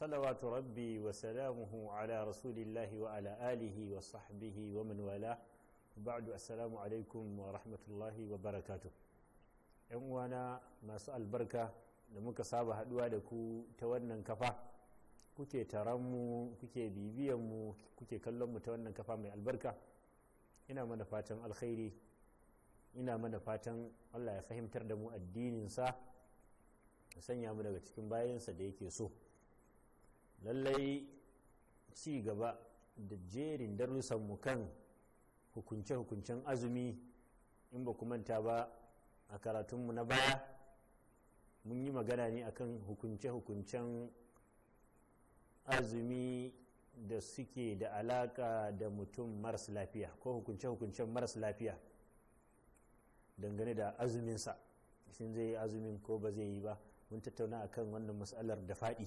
فصلوات ربي وسلامه على رسول الله وعلى آله وصحبه ومن والاه بعد السلام عليكم ورحمة الله وبركاته uwana masu albarka da muka saba haɗuwa da ku ta wannan kafa kuke mu kuke bibiyanmu kuke kallonmu ta wannan kafa mai albarka ina mana fatan alkhairi ina mana fatan allah ya fahimtar da mu addininsa sanya mu daga cikin bayansa da yake so lallai ci gaba da jerin darussanmu kan hukunce-hukuncen azumi in ba manta ba a karatunmu na baya mun yi magana ne akan hukunce-hukuncen azumi da suke da alaka da mutum maras lafiya ko hukunce-hukuncen maras lafiya dangane da azuminsa shin zai yi azumin ko ba zai yi ba mun tattauna akan wannan matsalar da faɗi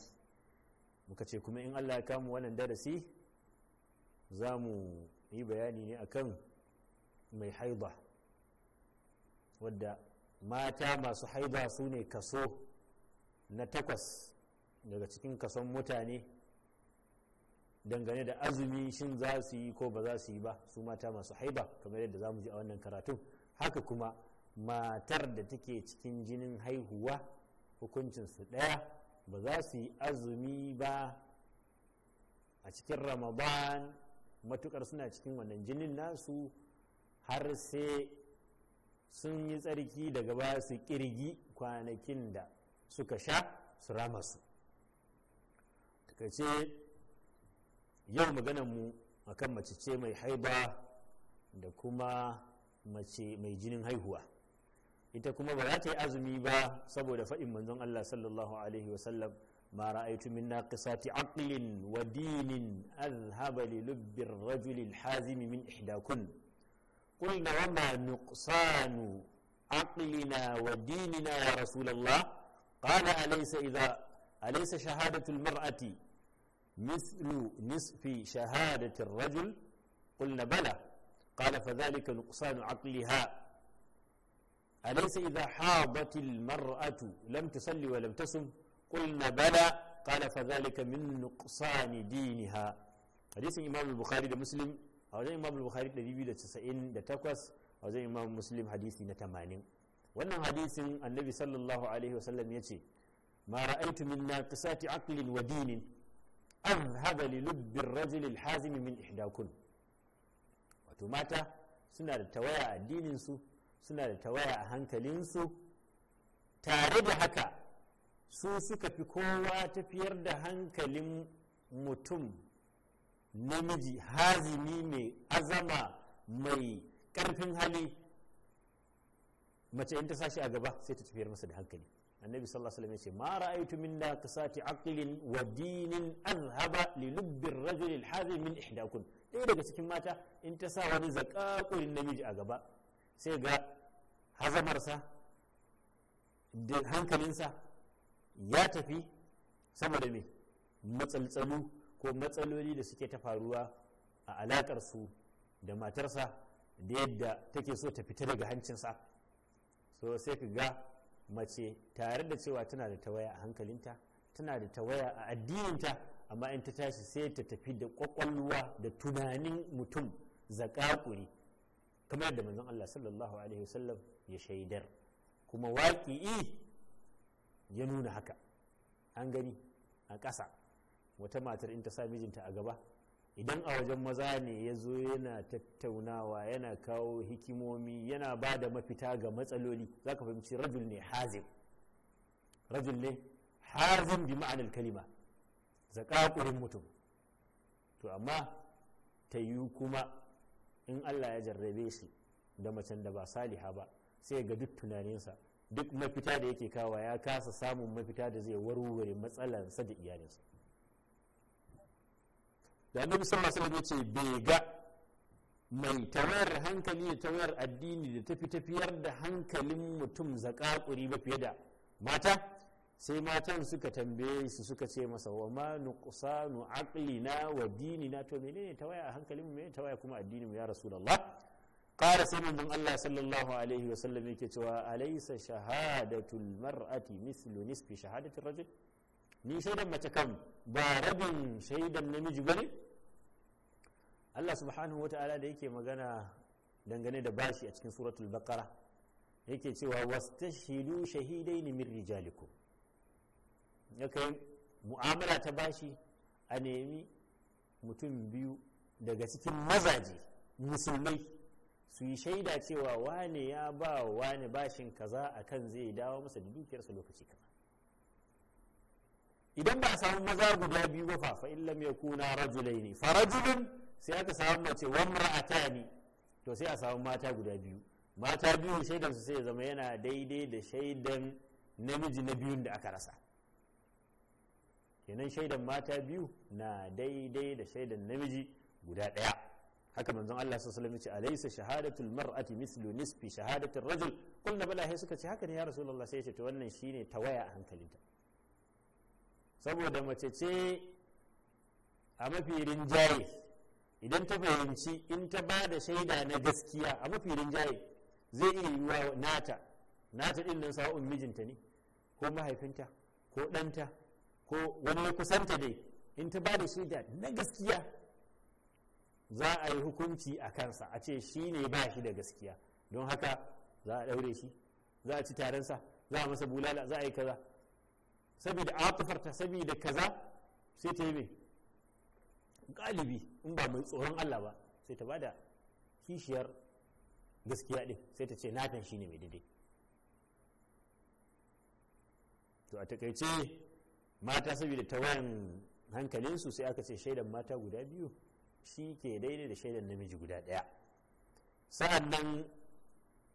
muka ce kuma in allah ya kamu wannan darasi za mu yi bayani ne akan mai haiba. wadda mata masu haiba su ne kaso na takwas daga cikin kason mutane dangane da azumi shin za su yi ko ba za su yi ba su mata masu haiba kamar yadda za mu ji a wannan karatun haka kuma matar da take cikin jinin haihuwa hukuncinsu ɗaya ba za su yi azumi ba a cikin ramadan matukar suna cikin wannan jinin nasu har sai sun yi tsarki daga ba su kirgi kwanakin da suka sha su rama su ka ce yau maganarmu akan mace ce mai haiba da kuma mace mai jinin haihuwa ita kuma ba za ta yi azumi ba saboda faɗin manzon Allah sallallahu alaihi wasallam ma ra'aytu min naqisati aqlin wa dinin azhaba li lubbi ar-rajul al-hazim min ihdakun qulna wa ma nuqsanu aqlina wa dinina ya rasul qala alaysa idha alaysa shahadatu al-mar'ati mithlu nisfi shahadati ar-rajul qulna bala qala fadhalika nuqsanu أليس إذا حاضت المرأة لم تصلي ولم تصم قلنا بلى قال فذلك من نقصان دينها حديث إمام البخاري ده مسلم أو زي إمام البخاري ده بيبي ده تسعين ده تقوس أو زي إمام مسلم حديثي نتمانين wannan hadisin annabi sallallahu alaihi wasallam ya ce ma ra'aitu min naqisati aqlin wa dinin azhaba li lubbi ar-rajuli al-hazimi min ihdakun wato mata suna da tawaya addinin su suna da tawaya a hankalinsu tare da haka su suka fi kowa tafiyar da hankalin mutum namiji hazimi mai azama mai karfin hali mace in ta sashi a gaba sai ta tafiyar masa da hankali annabi sallallahu alaihi wasallam ya ce ma ra'aytu min naqisati aqlin wa dinin azhaba li lubbi ar-rajul al-hazim min ihdakun daga cikin mata in ta sa wani zakakurin namiji a gaba sai ga hazamarsa da hankalinsa ya tafi saboda me matsaltsalu ko matsaloli da suke ta faruwa a alaƙarsu da matarsa da yadda take so ta fita daga hancinsa so sai ka ga mace tare da cewa tana da tawaya a hankalinta tana da tawaya a addininta amma in ta tashi sai ta tafi da kwakwalwa da tunanin mutum zaƙaƙuri. kamar yadda manzon Allah sallallahu alaihi wasallam ya shaidar kuma waƙi'i ya nuna haka an gani a ƙasa wata matar in ta sa mijinta a gaba idan a wajen maza ne ya zo yana tattaunawa yana kawo hikimomi yana ba da mafita ga matsaloli za ka fahimci rajul ne hazim rajul ne hazim bi ma'anar kalima zaƙaƙurin mutum to amma ta yi kuma in Allah ya jarrabe shi da macen da ba saliha ba sai ga duk tunaninsa duk mafita da yake kawa ya kasa samun mafita da zai warware matsalansa da iyalinsa da annabi sallallahu alaihi ce bai ga mai tawayar hankali da tawayar addini da tafi tafiyar da hankalin mutum zakakuri ba fiye da mata sai matan suka tambaye su suka ce masa wa ma nuqsanu aqlina wa dinina to menene tawaya a hankalin mu menene tawaya kuma addinin mu ya rasulullah qala sai manzon Allah sallallahu alaihi wa sallam yake cewa alaysa shahadatul mar'ati mislu nisfi shahadati rajul ni shaidan mace kan ba rabin shaidan namiji bane Allah subhanahu wa ta'ala da yake magana dangane da bashi a cikin suratul baqara yake cewa wastashhidu shahidaini min rijalikum ya kai mu'amala ta bashi a nemi mutum biyu daga cikin mazaje musulmai su yi shaida cewa wane ya ba wane bashin kaza a kan zai dawo masa da dukiyarsa lokaci kaza idan ba a samu maza guda biyu ba fa fa kuna yakuna ne fa rajulun sai aka samu mace wa ne to sai a samu mata guda biyu mata biyu shaidan su sai zama yana daidai da shaidan namiji na biyun da aka rasa kenan shaidan mata biyu na daidai da shaidan namiji guda ɗaya haka manzon Allah sallallahu alaihi wasallam ya ce alaysa shahadatul mar'ati mislu nisfi shahadatir rajul kullu bala sai suka ce haka ne ya rasulullah sai ya ce to wannan shine tawaya a hankalinta saboda mace ce a mafi rinjaye idan ta fahimci in ta ba da shaida na gaskiya a mafi rinjaye zai iya yiwa nata nata din nan sa'o'in mijinta ne ko mahaifinta ko danta. ko wani ya kusanta dai in ta ba da shaida na gaskiya za a yi hukunci a kansa a ce shi ne ba shi da gaskiya don haka za a ɗaure shi za a ci tarinsa za a masa bulala za a yi kaza saboda a atufarta saboda kaza sai ta yi galibi in ba mai tsoron Allah ba sai ta bada kishiyar gaskiya din sai ta ce natan ne mai daidai to a takaice mata saboda tawayan hankalinsu sai aka ce shaidan mata guda biyu shi ke daidai da shaidan namiji guda ɗaya sa'an nan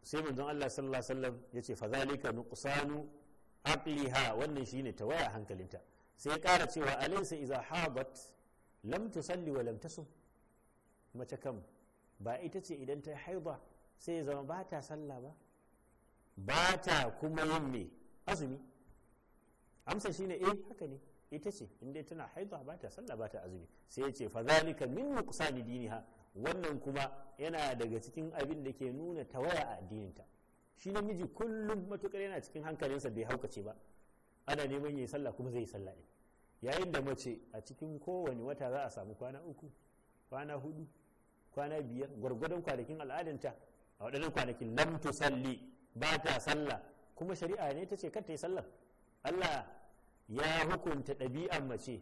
sai manzon Allah sallallahu alaihi wasallam ya ce fazalika nuqsanu aqliha wannan shine tawaya hankalinta sai ya ƙara cewa alaysa iza habat lam tusalli wa lam tasum mace kam ba ita ce idan ta haiba sai ya zama ba ta sallah ba ba ta kuma yin me azumi amsa shine eh haka ne ita ce in tana haihuwa ba ta sallah ba ta azumi sai ya ce fa zalika min nuqsani diniha wannan kuma yana daga cikin abin da ke nuna tawaya a addininta shi namiji kullum matukar yana cikin hankalinsa bai haukace ba ana neman yayi sallah kuma zai yi sallah ne yayin da mace a cikin kowane wata za a samu kwana uku kwana hudu kwana biyar gwargwadon kwanakin ta a waɗannan kwanakin lam tusalli ba ta sallah kuma shari'a ne ta ce kar ta yi sallah Allah ya hukunta ɗabi'ar mace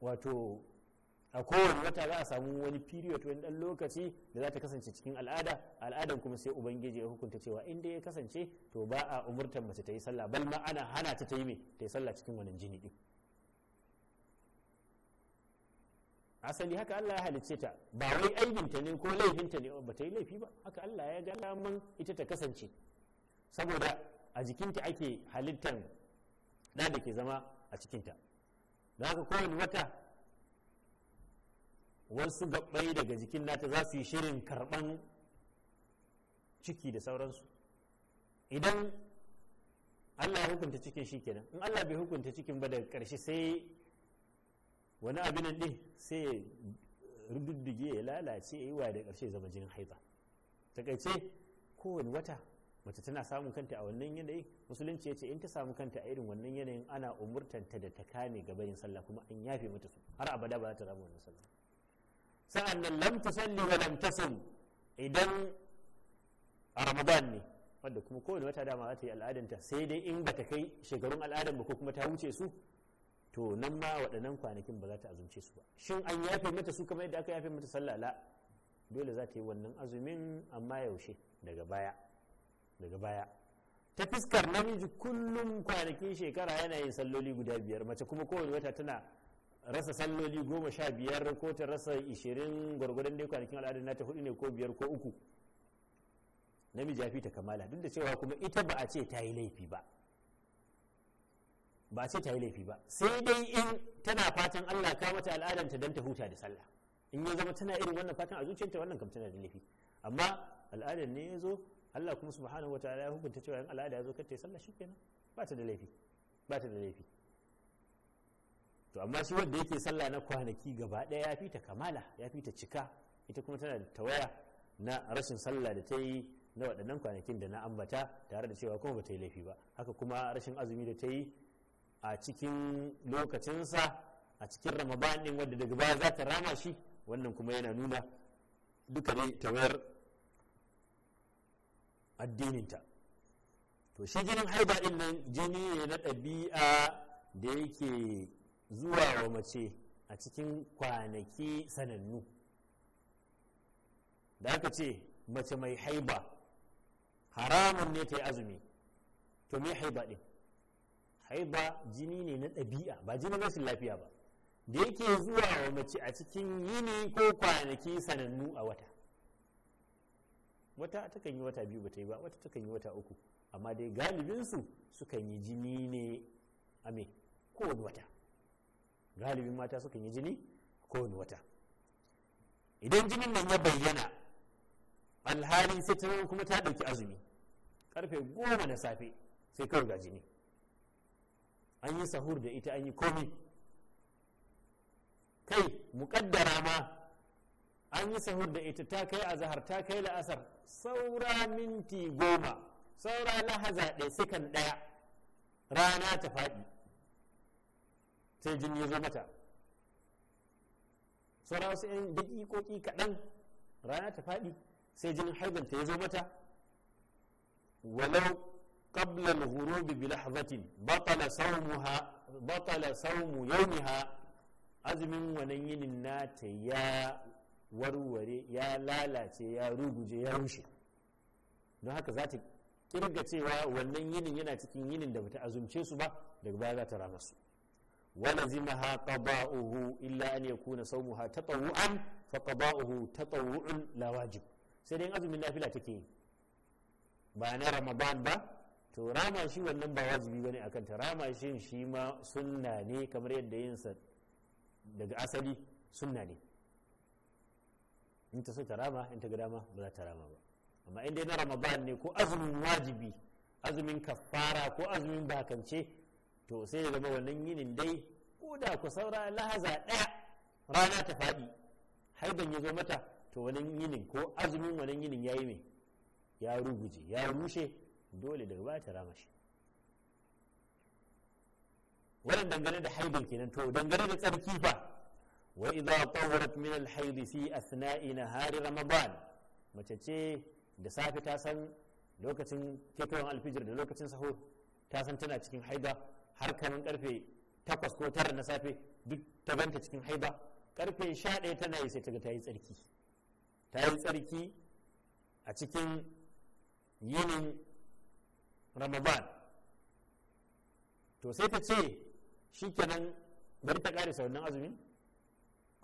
wato a kowane wata za a samu wani period wani dan lokaci da za ta kasance cikin al'ada al'adan kuma sai ubangiji ya hukunta cewa in dai ya kasance to ba a umurtar mace ta yi sallah bal ma ana hana ta ta yi me ta yi sallah cikin wani jini din asali haka Allah ya halicce ta ba wai ta ne ko laifinta ne ba ta yi laifi ba haka Allah ya ga laman ita ta kasance saboda a jikinta ake halittan da da ke zama a cikinta da haka kowane wata wasu gabbai daga jikin nata za su yi shirin karban ciki da sauransu idan allah ya hukunta cikin shi kenan in allah bai hukunta cikin ba daga karshe sai wani abin din sai ya rududdige ya lalace ya yi wa da karshe zama jinin haifa takaice kowane wata mace tana samun kanta a wannan yanayi musulunci ya ce in ta samu kanta a irin wannan yanayin ana umurtanta da ta kame gaba sallah kuma an yafe mata su har abada ba za ta samu wannan sallah sa'an nan lam salli wa lam tasum idan a ramadan ne wanda kuma kowane wata dama za ta yi al'adanta sai dai in ba ta kai shekarun al'adan ba ko kuma ta wuce su to nan ma waɗannan kwanakin ba za ta azumce su ba shin an yafe mata su kamar yadda aka yafe mata sallah la dole za ta yi wannan azumin amma yaushe daga baya daga baya ta fuskar namiji kullum kwanakin shekara yana yin salloli guda biyar mace kuma kowane wata tana rasa salloli goma sha biyar ko ta rasa ishirin gwargwadon dai kwanakin al'adar ta hudu ne ko biyar ko uku namiji ya fi ta kamala duk da cewa kuma ita ba a ce ta yi laifi ba ba ce ta yi laifi ba sai dai in tana fatan Allah ka mata al'adanta don ta huta da sallah in ya zama tana irin wannan fatan a zuciyarta wannan kam tana da laifi amma al'adar ne ya zo Allah kuma subhanahu ta'ala ya hukunta cewa in al'ada ya zo kar ta yi sallah shikenan ba ta da laifi ba ta da laifi to amma shi wanda yake sallah na kwanaki gaba ɗaya ya fita kamala ya fita cika ita kuma tana da tawaya na rashin sallah da ta yi na waɗannan kwanakin da na ambata tare da cewa kuma ba ta yi laifi ba haka kuma rashin azumi da ta yi a cikin lokacinsa a cikin ramadan ɗin wanda daga baya za ta rama shi wannan kuma yana nuna duka dai tawayar addininta to shi jinin haiba din nan jini ne na ɗabi'a da yake zuwa wa mace a cikin kwanaki sanannu da aka ce mace mai haiba haramun ne ta yi azumi to me haiba din haiba jini ne na ɗabi'a ba jinin rashin lafiya ba da yake zuwa wa mace a cikin yini ko kwanaki sanannu a wata wata takan yi wata biyu ba ta yi ba wata takan yi wata uku amma dai galibinsu sukan yi jini ne a me kowane wata galibin mata sukan yi jini kowane wata idan jinin nan ya bayyana alhalin sai ta kuma ta ɗauki azumi karfe goma na safe sai kawai ga jini an yi sahur da ita an yi komi kai muƙaddara ma an yi sahur da ita ta kai azahar ta kai la'asar saura minti goma saura lahaza ɗaya sikan ɗaya rana ta faɗi sai jini ya zo mata saura wasu 'yan daƙiƙoƙi kaɗan rana ta faɗi sai jinin haidanta ya zo mata walau قبل الغروب بلحظة بطل صومها بطل صوم يومها azumin wannan yinin nata ya warware ya lalace ya ruguje ya rushe don haka za ta kirga cewa wannan yinin yana cikin yinin da bata azumce su ba daga baya za ta rama su wala ha qada'uhu illa an yakuna sawmuha tatawu'an fa qada'uhu tatawu'un la wajib sai dai azumin nafila take yi ba na ramadan ba to rama shi wannan ba wajibi bane akan ta rama shi shi ma sunna ne kamar yadda yin sa daga asali sunna ne in ta so ta rama in ta ga dama ba za ta rama ba amma in dai na ramadan ne ko azumin wajibi azumin kafara ko azumin bakance to sai ya zama wannan yinin dai ko da ku saura lahaza ɗaya rana ta faɗi haidan ya zo mata to wannan yinin ko azumin wannan yinin ya yi mai ya ruguje ya rushe dole daga baya ta rama shi wannan dangane da haidan kenan to dangane da tsarki fa وإذا min من الحيض في na hari ramadan mace ce da safe ta san lokacin ketowar alfijir da lokacin sahur ta san tana cikin haida har kamar karfe 8 ko 9 na safe duk ta ganta cikin haida karfe 11 tana yi sai ta ga ta yi tsarki ta yi tsarki a cikin yinin ramadan to sai ta ce shikenan bari ta kare sauran azumin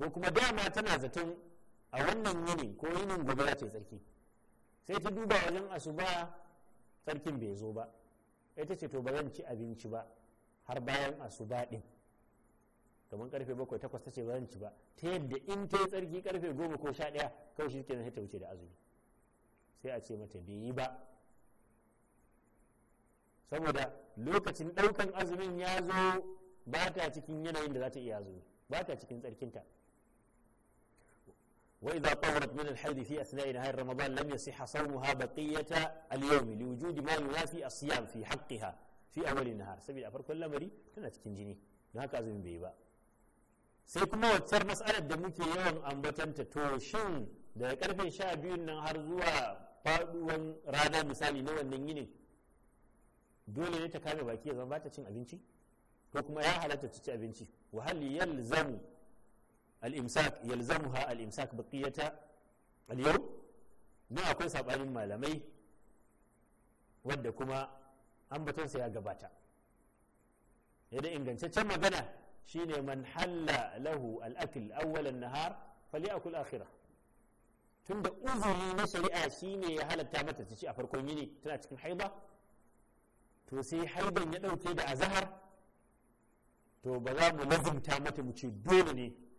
ko kuma dama tana zaton a wannan yini ko yinin gobe ya ce tsarki sai ta duba wajen asuba tsarkin bai zo ba ita ce to ba zan ci abinci ba har bayan asuba din kamar karfe bakwai takwas ta ce ba zan ci ba ta yadda in ta yi tsarki karfe goma ko sha ɗaya kawai shi ke sai ta wuce da azumi sai a ce mata bai yi ba saboda lokacin ɗaukan azumin ya zo ba ta cikin yanayin da za ta iya azumi ba ta cikin tsarkinta وإذا طهرت من الحيض في أثناء نهار رمضان لم يصح صومها بقية اليوم لوجود ما يوافي الصيام في حقها في أول النهار سبيل أفر كل مري تنتكين جني نهاك أزم بيبا sai kuma waccar matsalar da muke yawan ambatanta to shin daga karfe sha biyun nan har zuwa faduwan rana misali na wannan yinin dole ne ta kame baki ya zama ba ta cin abinci ko kuma ya halatta ci abinci wa hal yalzamu al-imsak yalzamuha al-imsak baqiyata al-yawm na akwai sabanin malamai wadda kuma ambatonsa ya gabata yadda ingantaccen magana shine man halla lahu al-akl awwalan nahar falyakul akhirah tunda uzuri na shari'a shine ya halatta mata ta ci a farkon yini tana cikin haiba to sai haiban ya dauke da azahar to ba za mu lazimta mata mu ce dole ne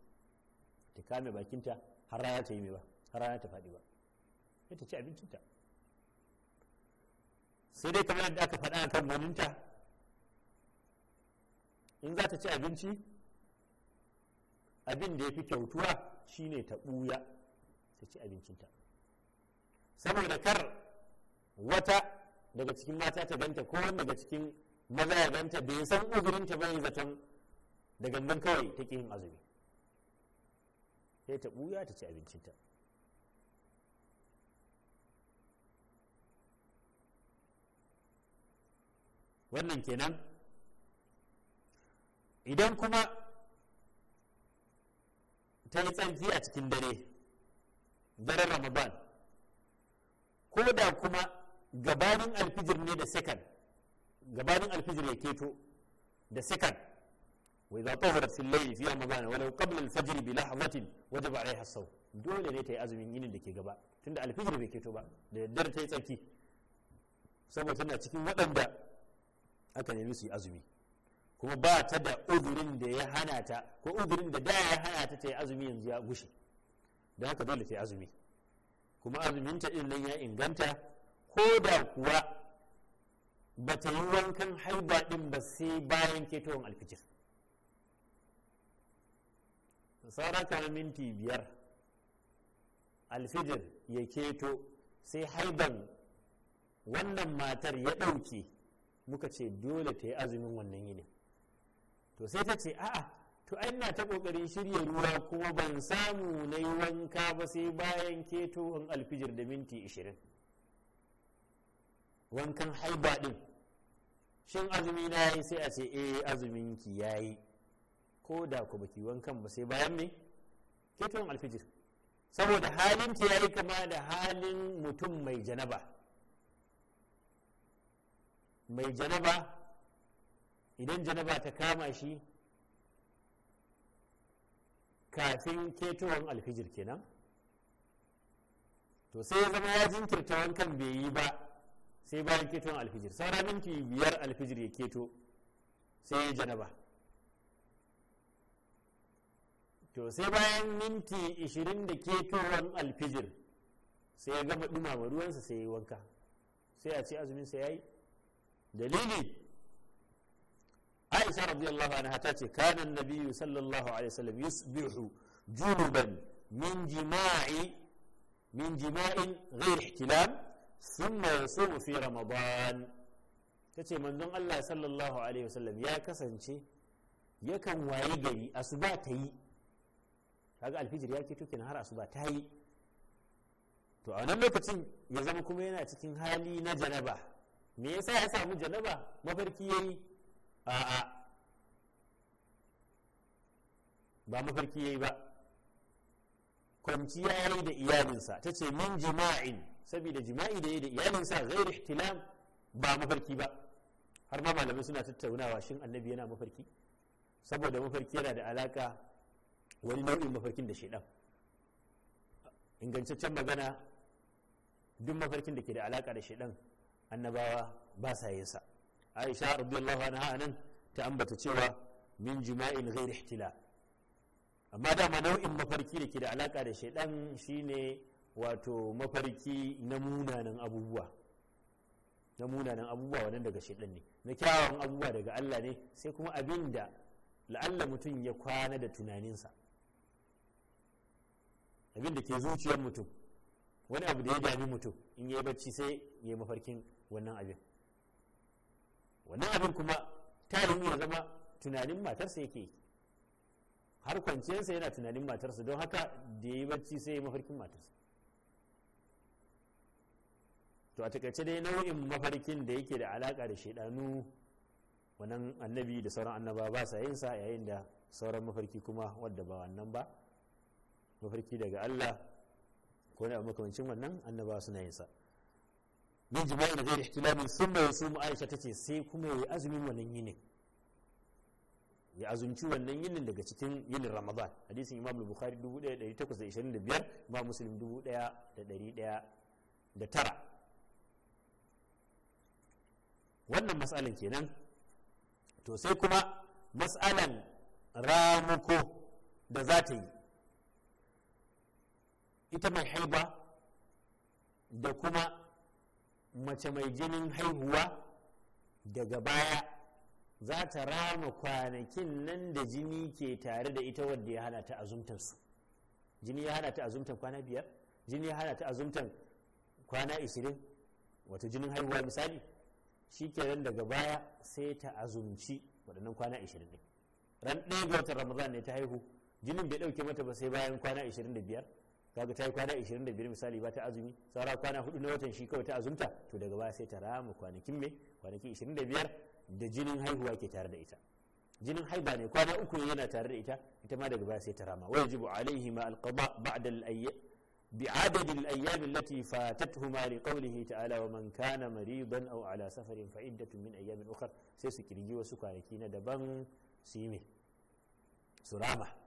ta kame bakinta har rana ta yi mai ba har rana ta faɗi ba sai ta ci abincinta sai dai kamar yadda aka faɗa a kan maninta in za ta ci abinci abin da ya fi kyautuwa shine ta ɓuya ta ci abincinta saboda kar wata daga cikin mata ta ganta ko wani daga cikin maza ya ganta bai san uzurinta bai zaton da gangan kawai ta yin azumi sai ta buya ta ci abincinta wannan kenan idan kuma ta yi tsarki a cikin dare daren ramadan ko da kuma gabanin alfijir ne da sekan gabanin alfijir ya keto da sekan وإذا طهرت في الليل فيها مبانا bi قبل الفجر waje ba عليها hassau dole ne ta yi azumin yinin da ke gaba tunda alfijir bai keto ba da yaddar ta yi tsaki saboda tana cikin waɗanda aka nemi su yi azumi kuma ba ta da uzurin da ya hana ta ko uzurin da da ya hana ta ta yi azumi yanzu ya gushe da haka dole ta yi azumi kuma azumin ta din nan ya inganta ko da kuwa ba ta yi wankan haiba din ba sai bayan ketowar alfijir Saraka kamar minti biyar alfijir ya keto sai haiban wannan matar ya ɗauke muka ce dole ta yi azumin wannan yini to sai ta ce a'a to ai na ta kokarin shirya ruwa kuma ban samu na yi wanka ba sai bayan keto in alfijir da minti ishirin. wankan haiba din shin azumi na yi sai a ce eh azumin ki yayi ko da ku baki wankan ba sai bayan me ketowar alfijir saboda halin ta yayi kama da halin mutum mai janaba mai janaba idan janaba ta kama shi kafin ketowar alfijir kenan to sai ya zama ya jinkirta wankan bai yi ba sai bayan ketowar alfijir sauran minti biyar alfijir ya keto sai ya janaba to sai bayan minti 20 da ke ketowar alfijir sai ya gama dumama ruwansa sai ya yi wanka sai a ce azumin sai yayi dalili aisha radiyallahu anha ta ce kana nabiyyu sallallahu alaihi wasallam yusbihu junuban min jima'i min jima'in ghair ihtilam thumma yasumu fi ramadan tace manzon Allah sallallahu alaihi wasallam ya kasance yakan wayi gari asuba ta yi kaga alfijir ya ke keto na har asuba ta yi to a wannan lokacin ya zama kuma yana cikin hali na janaba me yasa ya samu janaba mafarki yayi a'a ba mafarki yayi ba kwanciya yayi da iyalinsa ta ce min jima'in saboda jima'i da yayi da iyalinsa zai ihtilam ba mafarki ba har ma malamai suna tattaunawa shin annabi yana mafarki saboda mafarki yana da alaka wani nau'in mafarkin da shaidan ingantaccen magana duk mafarkin da ke da alaka da shaidan annabawa ba sa yin sa aisha radiyallahu anha anan ta ambata cewa min jima'in ghairi ihtila amma dama nau'in mafarki da ke da alaka da shaidan shine wato mafarki na munanan abubuwa na munanan abubuwa wannan daga shaidan ne na kyawawan abubuwa daga Allah ne sai kuma abin da la'alla mutum ya kwana da tunaninsa abin da ke zuciyar mutum wani abu da ya dami mutum in yi bacci sai ya mafarkin wannan abin wannan abin kuma tarin ya zama tunanin matarsa yake har kwanciyarsa yana tunanin matarsa don haka da ya yi bacci sai ya mafarkin matarsa to a takaice dai nau'in mafarkin da yake da alaka da shaidanu wannan annabi da sauran annaba ba sa yin sa yayin da sauran mafarki kuma wadda ba wannan ba mafarki daga Allah ko ne makamancin wannan annaba suna yin sa min jima'i da zai ihtilamin sun bai su Aisha ce sai kuma yi azumin wannan yinin ya azumci wannan yinin daga cikin yinin Ramadan hadisin Imam Bukhari 1825 Imam Muslim tara. wannan mas'alan kenan to sai kuma mas'alan ramuko da za ta yi ita mai haiba da kuma mace mai jinin haihuwa daga baya za ta rama kwanakin nan da jini ke tare da ita wadda ya hana ta azumtar su jini ya hana ta azumtar kwana biyar jini ya hana ta azumtar kwana ishirin wata jinin haihuwa misali shi kenan daga baya sai ta azumci waɗannan kwana ishirin ɗin ran ɗaya ga watan ramadan ne ta haihu jinin bai ɗauke mata ba sai bayan kwana ishirin da biyar kaga ta yi kwana 25 misali ba ta azumi saura kwana hudu na watan shi kawai ta azumta to daga baya sai ta rama kwanakin kwanaki 25 da jinin haihuwa ke tare da ita jinin haiba ne kwana uku yana tare da ita ita ma daga baya sai ta rama wai jibu alaihi ma alqada ba'da al-ayyam bi adadi al-ayyam allati fatatuhuma li qawlihi ta'ala wa man kana maridan aw ala safarin fa iddatu min ayyamin ukhra sai su kirgi wasu kwanaki na daban su yi me su rama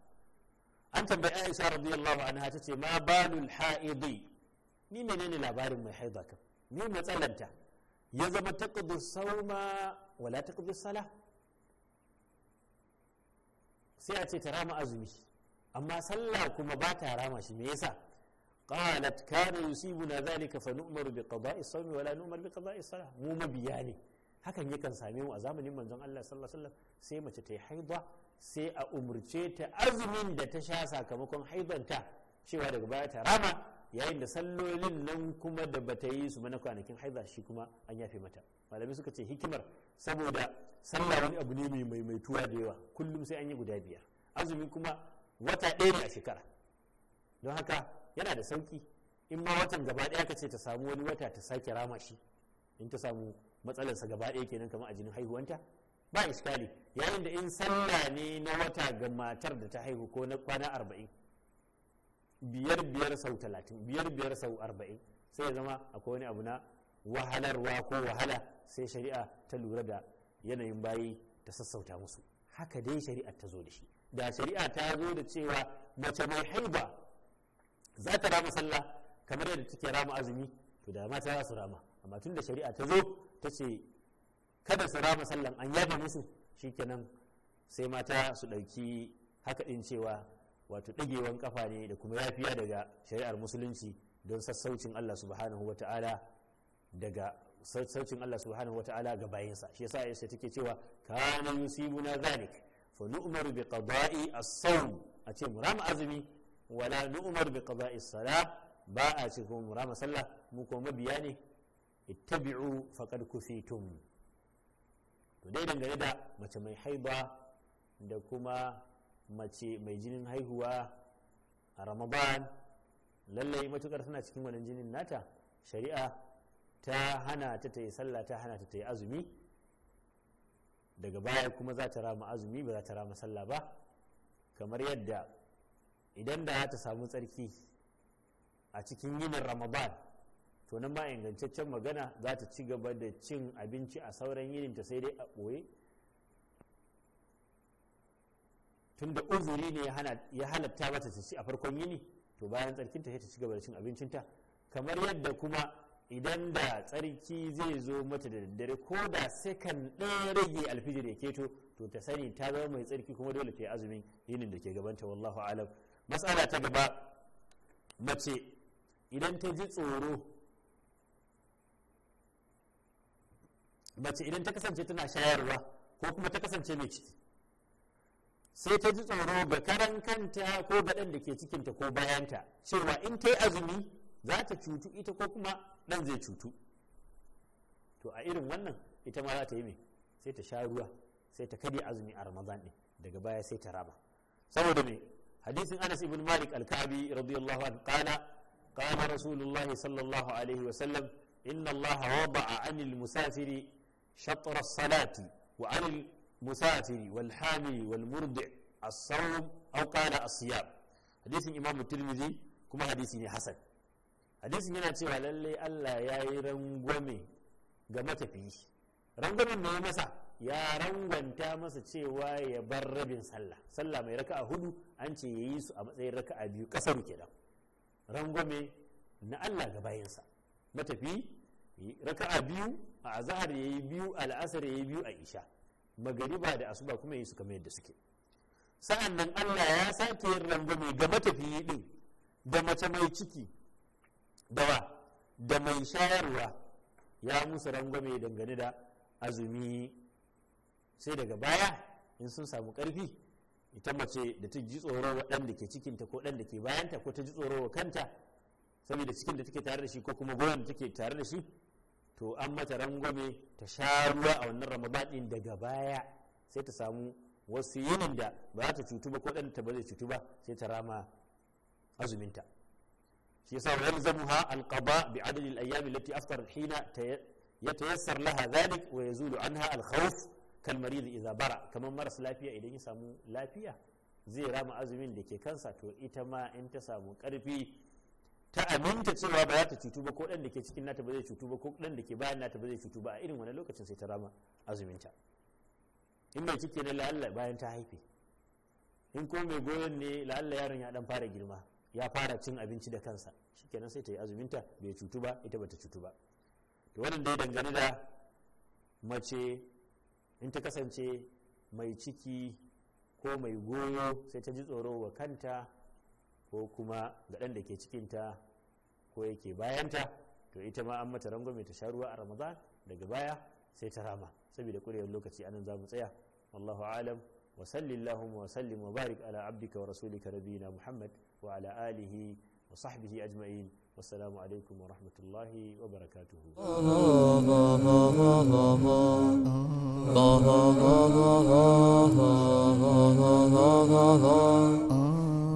an tambayi aisha radiyallahu anha ta ce ma balul ha'idi ni menene labarin mai haida kan ni matsalanta ya zama taqdu sauma wala taqdu sala sai a ce ta rama azumi amma sallah kuma ba ta rama shi me yasa qalat kana yusibuna dhalika fa nu'maru bi qada'i sawmi wala nu'maru bi qada'i sala mu mabiya ne hakan yakan same mu a zamanin manzon Allah sallallahu alaihi wasallam sai mace ta yi haida sai a umurce ta azumin da ta sha sakamakon haibanta cewa daga baya ta rama yayin da sallolin nan kuma da bata yi su mana kwanakin haiza shi kuma an yafe mata malamai suka ce hikimar saboda sallah wani abu ne mai mai maimaituwa da yawa kullum sai an yi guda biyar Azumin kuma wata ɗaya ne a shekara don haka yana da sauki in ma watan gaba ɗaya ka ce ta samu wani wata ta sake rama shi in ta samu matsalarsa gaba ɗaya kenan kamar a jinin haihuwanta ba iskali yayin da in sallah ne na wata ga matar da ta haihu ko na kwana arba'in biyar biyar sau talatin biyar biyar sau arba'in sai ya zama akwai wani abu na wahalarwa ko wahala sai shari'a ta lura da yanayin bayi ta sassauta musu haka dai shari'a ta zo da shi da shari'a ta zo da cewa mace mai haiba za ta rama sallah kamar yadda take rama azumi to da mata za su rama amma tun da shari'a ta zo ta ce kada su rama sallan an yafe musu shikenan sai mata su ɗauki haka ɗin cewa wato ɗagewan kafa ne da kuma yafiya daga shari'ar musulunci don sassaucin Allah subhanahu wata'ala daga sassaucin Allah subhanahu wata'ala ga bayansa shi yasa Aisha take cewa kana yusibuna zalik fa nu'maru bi qada'i as-sawm a ce mu rama azumi wala nu'maru bi qada'i as-salah ba a ce mu rama sallah mu ko mabiya ne ittabi'u faqad kufitum to dai dangane da mace mai haiba da kuma mace mai jinin haihuwa a ramadan lallai matukar tana cikin wannan jinin nata shari'a ta hana ta ta yi sallah ta hana ta ta yi azumi daga baya kuma za ta rama azumi ba za ta rama sallah ba kamar yadda idan da ta samu tsarki a cikin yinin ramadan to nan ma ingantaccen magana za ta ci gaba da cin abinci a sauran yininta sai dai a ɓoye tunda uzuri ne ya halatta mata ta ci a farkon yini to bayan tsarkinta sai ta ci gaba da cin abincinta kamar yadda kuma idan da tsarki zai zo mata da daddare ko da sekan ɗaya rage alfijir ya keto to ta sani ta zama mai tsarki kuma dole ta yi azumin yinin da ke gabanta wallahu alam matsala ta gaba mace idan ta ji tsoro mace idan ta kasance tana shayarwa ko kuma ta kasance mai ciki sai ta ji tsoro ga karan kanta ko baɗan da ke cikinta ko bayanta cewa in ta yi azumi za ta cutu ita ko kuma ɗan zai cutu to a irin wannan ita ma za ta yi mai sai ta sha ruwa sai ta karya azumi a ramadan ɗin daga baya sai ta raba saboda me hadisin anas ibn malik al-kabi radiyallahu anhu qala qala rasulullahi sallallahu alaihi wa sallam inna allaha wada'a anil musafiri شطر الصلاة وعن المسافر والحامل والمرضع الصوم أو قال الصيام حديث الإمام kuma hadisi ne حسن حديث yana cewa lallai Allah ya yi rangwame ga matafiyi rangwamen da ya masa ya rangwanta masa cewa ya bar rabin sallah sallah mai raka'a hudu an ce ya yi su a matsayin raka'a biyu kasaru kenan rangwame na Allah ga bayansa matafiyi raka'a biyu a zahar ya yi biyu al'asar ya yi biyu a isha magariba da asuba kuma yi su kamar yadda suke sa'an nan allah ya sake yin rangwame ga matafiyi din da mace mai ciki dawa da mai shayarwa ya musu rangwame dangane da azumi sai daga baya in sun samu karfi ita mace da ta ji tsoro wa da ke cikinta ko ɗan da ke bayanta ko ta ji tsoro wa kanta saboda cikin da take tare da shi ko kuma goyon da take tare da shi to an mata rangwame ta sha ruwa a wannan ramadan daga baya sai ta samu wasu yinin da ba za ta cutu ba ko ɗan ta ba zai cutu ba sai ta rama azuminta shi yasa wa yalzamuha alqada bi adadi al allati aftar hina yatayassar laha dhalik wa yazulu anha al-khawf kal marid idza bara kamar maras lafiya idan ya samu lafiya zai rama azumin da ke kansa to ita ma in ta samu karfi ta aminta cewa ba za ta cutu ba ko dan da ke cikin nata ba zai cutu ba ko dan da ke bayan nata ba zai cutu ba a irin wani lokacin sai ta rama azuminta in mai ciki ne la'alla bayan ta haife in ko mai goyon ne la'alla yaron ya dan fara girma ya fara cin abinci da kansa shikenan sai ta yi azuminta bai cutu ba ita bata cutu ba to wannan dai dangane da mace in ta kasance mai ciki ko mai goyo sai ta ji tsoro wa kanta ko kuma ga ɗan da ke cikinta ko yake bayanta to ita ma an mata rangwame ta sha ruwa a ramadan daga baya sai ta rama saboda ƙurewar lokaci anan za mu tsaya wallahu alam wa sallallahu wa wa barik ala abdika wa rasulika nabiyina muhammad wa ala alihi wa sahbihi ajma'in wassalamu alaikum wa rahmatullahi wa barakatuhu